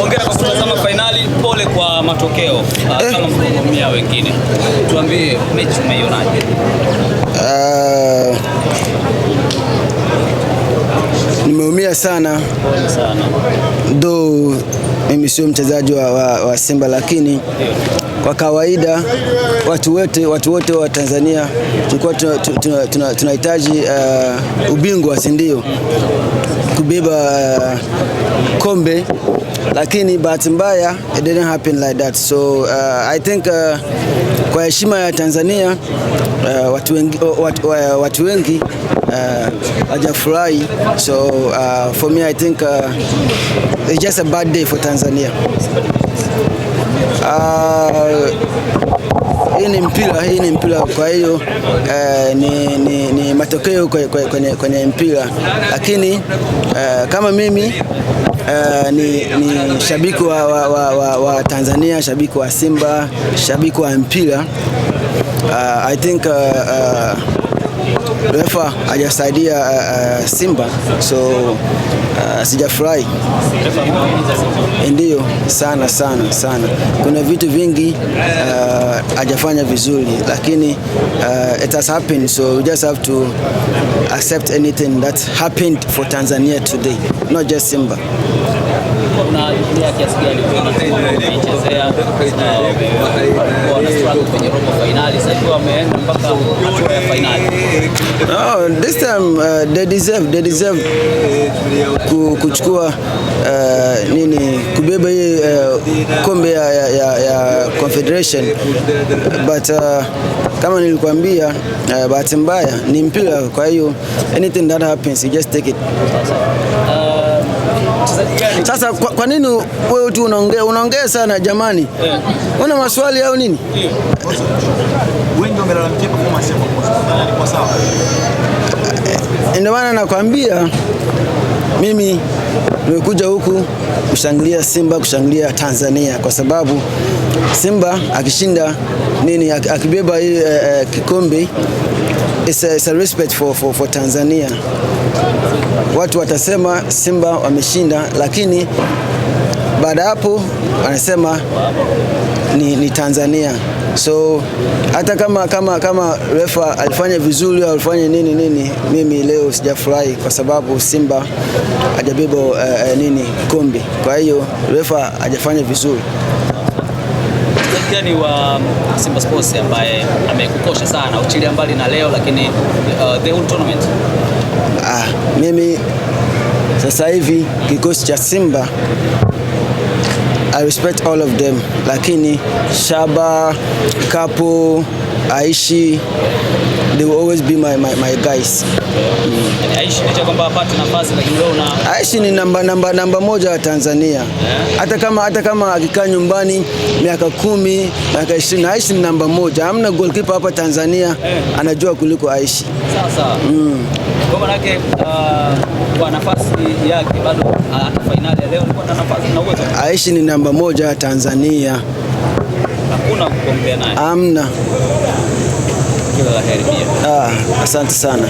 Hongera uh, kwa kutazama fainali, pole kwa matokeo uh, eh. kama wengine. Tuambie mechi umeionaje? Uh, nimeumia sana, ndo Do mimi sio mchezaji wa, wa, wa Simba lakini kwa kawaida watu wote watu wote wa Tanzania tulikuwa tunahitaji uh, ubingwa si ndio? Mm. Kubeba kombe, lakini bahati mbaya it didn't happen like that. So uh, I think uh, kwa heshima ya Tanzania uh, watu wengi, uh, watu, watu wengi hajafurahi uh, so uh, for me I think uh, it's just a bad day for Tanzania. Uh, hii ni mpira, hii ni mpira. Kwa hiyo uh, ni, ni, ni matokeo kwenye, kwenye mpira, lakini uh, kama mimi Uh, ni, ni shabiki wa, wa, wa, wa Tanzania, shabiki wa Simba, shabiki wa mpira. Uh, I think uh, uh, refa hajasaidia uh, Simba so uh, sijafurahi ndio sana sana sana. Kuna vitu vingi hajafanya uh, vizuri, lakini uh, it has happened so we just have to accept anything that happened for Tanzania today, not just Simba. Oh, this time uh, they deserve, they deserve kuchukua uh, nini kubeba hii uh, kombe ya, ya, ya Confederation but uh, kama nilikwambia uh, bahati mbaya ni mpira, kwa hiyo anything that happens you just take it. Sasa kwa, kwa nini wewe tu unaongea unaongea sana jamani? Una maswali au nini? wengi wamelalamikia performance ya alikuwa sawa. Ndio maana nakwambia mimi nimekuja huku kushangilia Simba, kushangilia Tanzania kwa sababu Simba akishinda nini, akibeba hii uh, eh, eh, kikombe it's a, it's a respect for, for, for Tanzania. Watu watasema Simba wameshinda, lakini baada hapo wanasema ni, ni Tanzania. So hata kama, kama, kama refa alifanya vizuri au alifanya nini nini, mimi leo sijafurahi kwa sababu Simba hajabeba uh, uh, nini kombe. Kwa hiyo refa hajafanya vizuri. Gani wa um, Simba Sports ambaye amekukosha sana uchilia mbali na leo lakini uh, the whole tournament? Ah, mimi sasa hivi kikosi cha Simba I respect all of them, lakini Shaba Kapo Aishi they will always be my, my, my guys. Mm. Aishi licha kwamba apate nafasi lakini wewe una Aishi ni namba, namba, namba moja wa Tanzania yeah. Hata kama hata kama akikaa nyumbani miaka kumi miaka ishirini Aishi ni namba moja, hamna goalkeeper hapa Tanzania yeah. Anajua kuliko Aishi Sasa. Mm. Kwa maana yake uh, kwa nafasi yake bado uh, hata finali leo ni kwa nafasi na uwezo. Aishi ni namba moja wa Tanzania. Hakuna kuongea naye. Hamna. Kila la heri pia. Ah, asante sana.